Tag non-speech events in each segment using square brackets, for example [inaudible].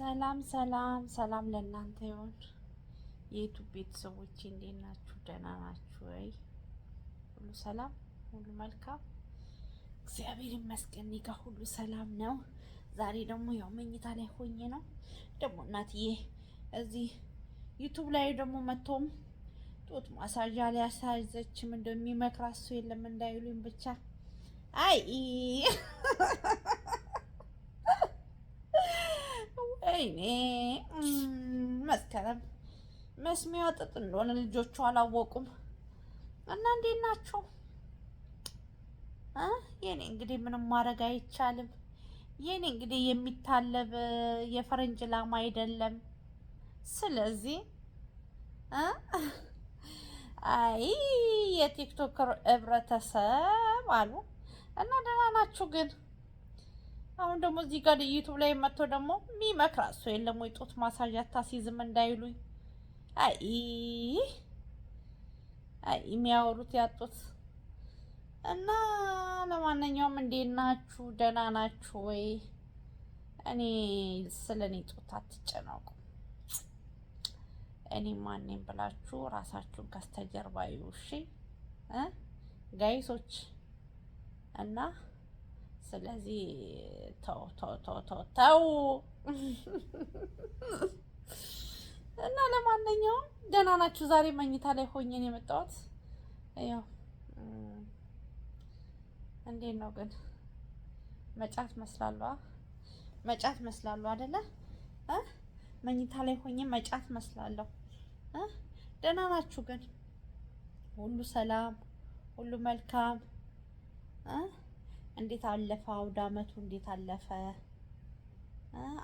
ሰላም ሰላም ሰላም ለእናንተ ይሁን። የዩቱብ ቤተሰቦች እንዴት ናችሁ? ደህና ናችሁ ወይ? ሁሉ ሰላም፣ ሁሉ መልካም፣ እግዚአብሔር ይመስገን። ጋ ሁሉ ሰላም ነው። ዛሬ ደግሞ ያው መኝታ ላይ ሆኜ ነው ደግሞ እናትዬ እዚህ ዩቱብ ላይ ደግሞ መቶም ጡት ማሳዣ ላይ አሳይዘችም እንደሚመክራ እሱ የለም እንዳይሉኝ ብቻ አይ ወይኔ መስከረም መስሚያ ጥጥ እንደሆነ ልጆቹ አላወቁም። እና እንዴት ናቸው? የኔ እንግዲህ ምንም ማድረግ አይቻልም። የኔ እንግዲህ የሚታለብ የፈረንጅ ላም አይደለም። ስለዚህ አይ የቲክቶክ ህብረተሰብ አሉ እና ደህና ናችሁ ግን አሁን ደግሞ እዚህ ጋር ዩቱብ ላይ መጥቶ ደግሞ የሚመክራ እሱ የለም ወይ ጡት ማሳጅ አታስይዝም እንዳይሉኝ። አይ አይ የሚያወሩት ያጡት እና ለማንኛውም እንዴት ናችሁ? ደህና ናችሁ ወይ? እኔ ስለ እኔ ጡት አትጨነቁ። እኔ ማንም ብላችሁ ራሳችሁን ከስተጀርባ ይውሺ ጋይሶች እና ስለዚህ ተው ተው ተው ተው ተው። እና ለማንኛውም ደህና ናችሁ? ዛሬ መኝታ ላይ ሆኘን የመጣሁት ያው እንዴት ነው ግን መጫት መስላሉ መጫት መስላሉ አይደለ? መኝታ ላይ ሆኜ መጫት መስላለሁ። ደህና ናችሁ ግን? ሁሉ ሰላም፣ ሁሉ መልካም እንዴት አለፈ? አውደ አመቱ እንዴት አለፈ?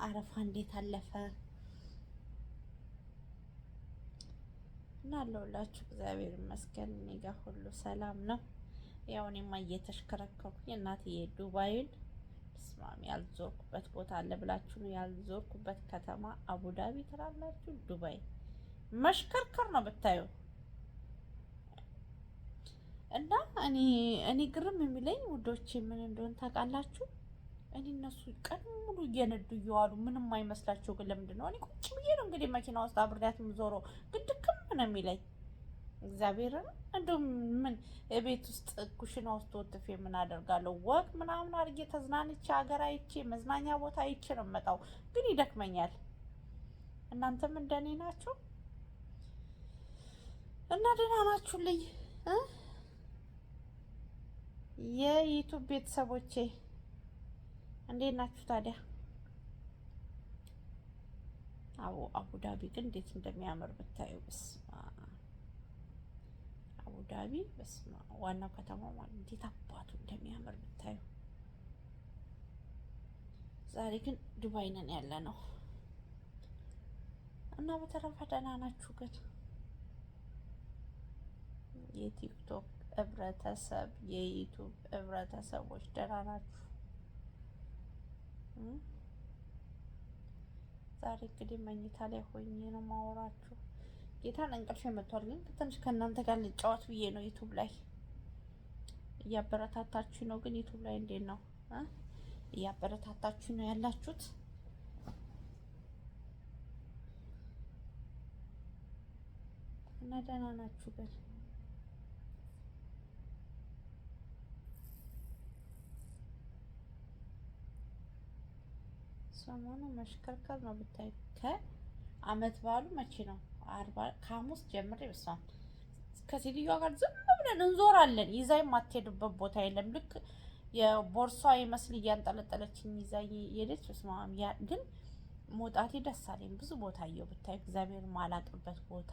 አረፋ እንዴት አለፈ? እና አለሁላችሁ። እግዚአብሔር ይመስገን እኔ ጋር ሁሉ ሰላም ነው። ያው እኔማ እየተሽከረከርኩኝ እናት የዱባይን ስማም ያልዞርኩበት ቦታ አለ ብላችሁ ነው ያልዞርኩበት ከተማ አቡዳቢ ትላላችሁ፣ ዱባይ መሽከርከር ነው ብታዩ እና እኔ እኔ ግርም የሚለኝ ውዶቼ ምን እንደሆን ታውቃላችሁ? እኔ እነሱ ቀን ሙሉ እየነዱ እየዋሉ ምንም አይመስላቸው፣ ግን ለምንድን ነው እኔ ቁጭ ብዬ ነው እንግዲህ መኪና ውስጥ አብሬያት የምዞረው፣ ግን ድክም ነው የሚለኝ እግዚአብሔርን። እንደውም ምን ቤት ውስጥ ኩሽና ውስጥ ወጥፌ ምን አደርጋለሁ? ወቅ ምናምን አድርጌ ተዝናንቼ ሀገር አይቼ መዝናኛ ቦታ አይቼ ነው የምመጣው፣ ግን ይደክመኛል። እናንተም እንደኔ ናቸው እና ደህና ናችሁልኝ? የዩቱብ ቤተሰቦቼ እንዴት ናችሁ? ታዲያ አቡ አቡዳቢ ግን እንዴት እንደሚያምር ብታዩ። በስማ አቡዳቢ በስማ ዋናው ከተማ ማለት እንዴት አባቱ እንደሚያምር ብታዩ። ዛሬ ግን ዱባይ ነን ያለ ነው እና በተረፈ ደህና ናችሁ ግን የቲክቶክ ህብረተሰብ የዩቱብ ህብረተሰቦች ደህና ናችሁ? ዛሬ እንግዲህ መኝታ ላይ ሆኜ ነው ማወራችሁ። ጌታን እንቅልፍ መቷል፣ ግን ትንሽ ከእናንተ ጋር ልጫወት ብዬ ነው። ዩቱብ ላይ እያበረታታችሁ ነው። ግን ዩቱብ ላይ እንዴት ነው? እያበረታታችሁ ነው ያላችሁት? እና ደህና ናችሁ ግን ሰሞኑ መሽከርከር ነው ብታይ። ከአመት በዓሉ መቼ ነው? አርባ ከሐሙስ ጀምሬ ይብሳል። ከሴትዮዋ ጋር ዝም ብለን እንዞራለን። ይዛይም አትሄድበት ቦታ የለም። ልክ የቦርሷ ይመስል እያንጠለጠለችኝ ይዛ የሄደች ስማም። ያ ግን መውጣቴ ደስ አለኝ። ብዙ ቦታ እየው ብታይ፣ እግዚአብሔር ማላቅበት ቦታ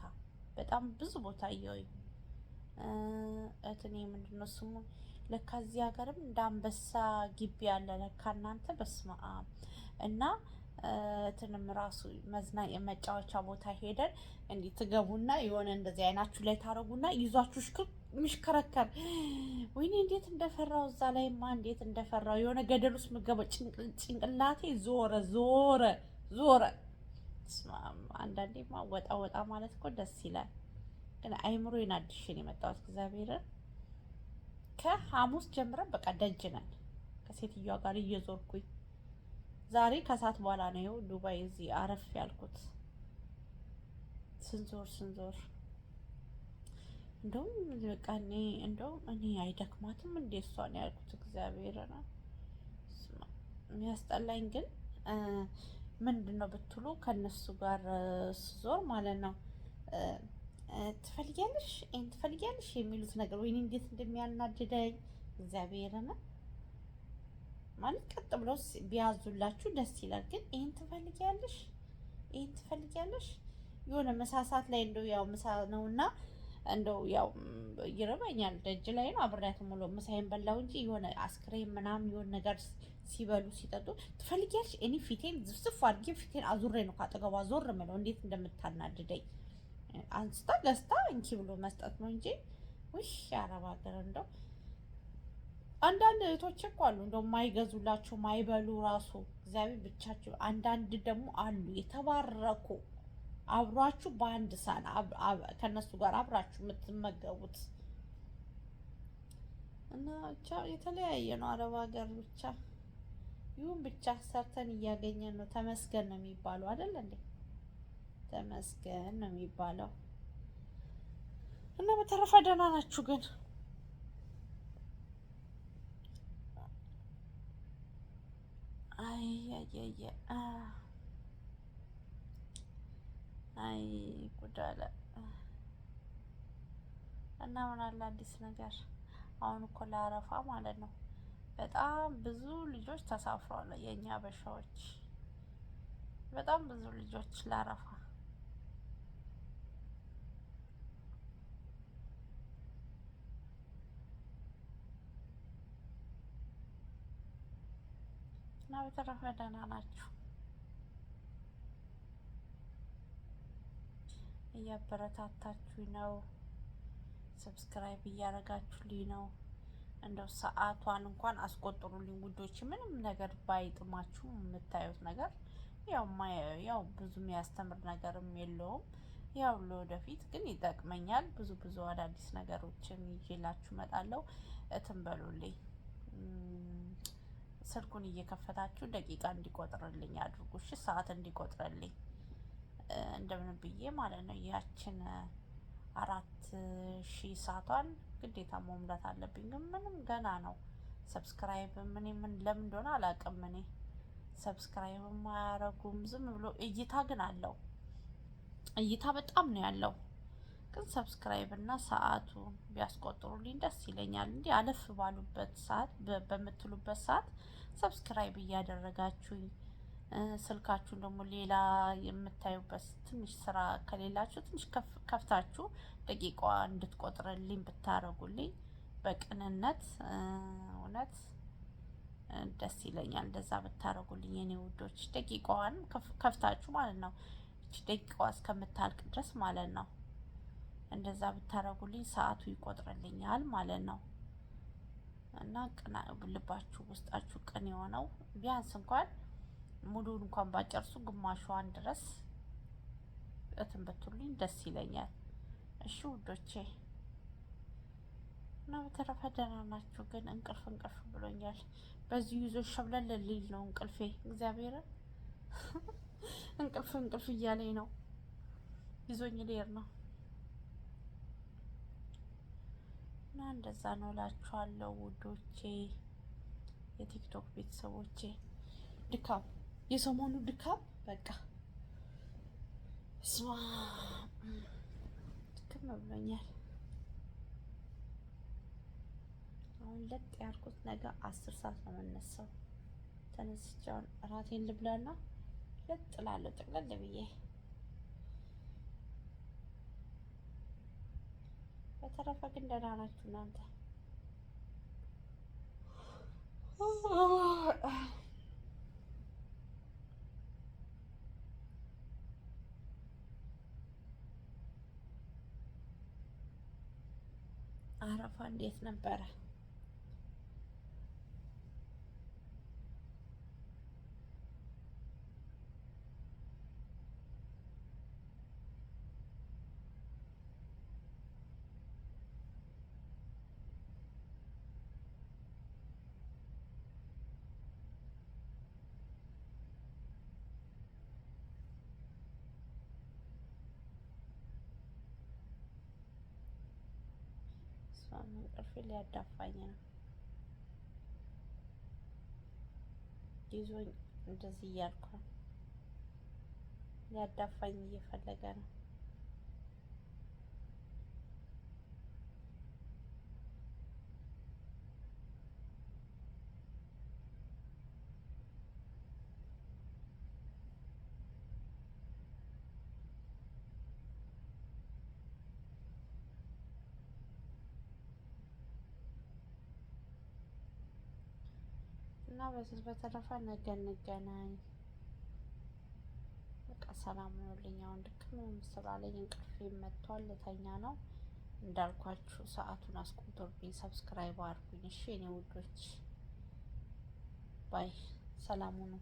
በጣም ብዙ ቦታ እየው እትኔ ምንድን ነው ስሙ? ለካ እዚህ ሀገርም እንደ አንበሳ ግቢ ያለ ለካ እናንተ በስመ እና እንትንም ራሱ መዝና የመጫወቻ ቦታ ሄደን እንዲህ ትገቡና የሆነ እንደዚህ አይናችሁ ላይ ታረጉና ይዟችሁ የሚሽከረከር ወይኔ እንዴት እንደፈራው እዛ ላይማ እንዴት እንደፈራው የሆነ ገደል ውስጥ የምገባው ጭንቅላቴ ዞረ ዞረ ዞረ። አንዳንዴ ወጣ ወጣ ማለት እኮ ደስ ይላል። ግን አይምሮዬን አዲሽን የመጣሁት እግዚአብሔርን ከሐሙስ ጀምረን በቃ ደጅ ነን ከሴትዮዋ ጋር እየዞርኩኝ ዛሬ ከሰዓት በኋላ ነው ዱባይ እዚህ አረፍ ያልኩት። ስንዞር ስንዞር እንደውም በቃ እኔ እንደውም እኔ አይደክማትም እንዴ ነው ያልኩት እግዚአብሔር ነው የሚያስጠላኝ። ግን ምንድን ነው ብትሉ ከነሱ ጋር ስዞር ማለት ነው ትፈልጊያለሽ ይህን ትፈልጊያለሽ የሚሉት ነገር ወይኔ እንዴት እንደሚያናድደኝ እግዚአብሔር ነው። ማለት ቀጥ ብሎ ቢያዙላችሁ ደስ ይላል። ግን ይህን ትፈልጊያለሽ፣ ይህን ትፈልጊያለሽ የሆነ መሳሳት ላይ እንደው ያው ምሳ ነውና እንደው ያው ይርበኛል፣ ደጅ ላይ ነው አብሬያት ሙሉ ምሳዬን በላው እንጂ የሆነ አስክሬም ምናምን የሆነ ነገር ሲበሉ ሲጠጡ ትፈልጊያለሽ። እኔ ፊቴን ዝፍዝፍ አድርጌ ፊቴን አዙሬ ነው ካጠገቧ ዞር ምለው እንዴት እንደምታናድደኝ አንስታ ገዝታ እንኪ ብሎ መስጠት ነው እንጂ ውሽ አረብ እንደው አንዳንድ እህቶች እኮ አሉ እንደው ማይገዙላቸው ማይበሉ ራሱ እግዚአብሔር ብቻቸው። አንዳንድ ደግሞ አሉ የተባረኩ አብሯችሁ በአንድ ሳህን ከእነሱ ጋር አብራችሁ የምትመገቡት እና ብቻ የተለያየ ነው። አረብ ሀገር ብቻ ይሁን ብቻ ሰርተን እያገኘን ነው። ተመስገን ነው የሚባለው አይደል እንዴ? ተመስገን ነው የሚባለው እና በተረፈ ደህና ናችሁ ግን አይ አይ ጉድ አለ እና ምን አለ አዲስ ነገር አሁን እኮ ለአረፋ ማለት ነው በጣም ብዙ ልጆች ተሳፍሯል። የእኛ በሻዎች በጣም ብዙ ልጆች ለአረፋ እና በተረፈ ደህና ናችሁ? እያበረታታችሁ ነው፣ ሰብስክራይብ እያደረጋችሁልኝ ነው። እንደው ሰዓቷን እንኳን አስቆጥሩልኝ ውዶች። ምንም ነገር ባይጥማችሁ የምታዩት ነገር ያው ያው ብዙ የሚያስተምር ነገርም የለውም። ያው ለወደፊት ግን ይጠቅመኛል። ብዙ ብዙ አዳዲስ ነገሮችን ይዤላችሁ እመጣለሁ። እትን በሉልኝ ስልኩን እየከፈታችሁ ደቂቃ እንዲቆጥርልኝ አድርጉ። እሺ ሰዓት እንዲቆጥርልኝ እንደምን ብዬ ማለት ነው። ያችን አራት ሺህ ሰዓቷን ግዴታ መሙላት አለብኝ። ግን ምንም ገና ነው። ሰብስክራይብ ምን ምን ለምን እንደሆነ አላውቅም። እኔ ሰብስክራይብም አያረጉም። ዝም ብሎ እይታ ግን አለው። እይታ በጣም ነው ያለው። ግን ሰብስክራይብ እና ሰዓቱ ቢያስቆጥሩልኝ ደስ ይለኛል። እንዲህ አለፍ ባሉበት ሰዓት በምትሉበት ሰዓት ሰብስክራይብ እያደረጋችሁኝ ስልካችሁን ደግሞ ሌላ የምታዩበት ትንሽ ስራ ከሌላችሁ ትንሽ ከፍታችሁ ደቂቃዋ እንድትቆጥርልኝ ብታረጉልኝ በቅንነት እውነት ደስ ይለኛል። እንደዛ ብታረጉልኝ የኔ ውዶች፣ ደቂቃዋን ከፍታችሁ ማለት ነው። ደቂቃዋ እስከምታልቅ ድረስ ማለት ነው። እንደዛ ብታረጉልኝ ሰዓቱ ይቆጥርልኛል ማለት ነው። እና ቅና ልባችሁ ውስጣችሁ ቅን የሆነው ቢያንስ እንኳን ሙሉ እንኳን ባጨርሱ ግማሿን ድረስ እትን ብትሉኝ ደስ ይለኛል። እሺ ውዶቼ እና በተረፈ ደህና ናችሁ? ግን እንቅልፍ እንቅልፍ ብሎኛል። በዚህ ይዞ ሸብለል ልል ነው እንቅልፌ። እግዚአብሔርን [laughs] እንቅልፍ እንቅልፍ እያለኝ ነው፣ ይዞኝ ሌር ነው። እና እንደዛ ነው እላችኋለሁ ውዶቼ፣ የቲክቶክ ቤተሰቦቼ። ድካም የሰሞኑ ድካም በቃ ስማ ድክም ብሎኛል። አሁን ለጥ ያልኩት ነገ አስር ሰዓት ነው የምነሳው። ተነስቼ አሁን እራቴን ልብላና ለጥ ጠቅለል ብዬ በተረፈ ግን ደህና ናችሁ እናንተ? አረፋ እንዴት ነበረ? ነው እንቅልፍ ሊያዳፋኝ ነው። ይዞኝ እንደዚህ እያልኩ ሊያዳፋኝ እየፈለገ ነው። እና በዚህ በተረፈ ነገ እንገናኝ። በቃ ሰላም ሆኖልኝ አሁን ድክም ስላለኝ እንቅልፍ መጥቷል። ልተኛ ነው እንዳልኳችሁ ሰዓቱን አስቆጥሮብኝ። ሰብስክራይብ አድርጉኝ እሺ እኔ ውዶች። ባይ ሰላም ሁኑ።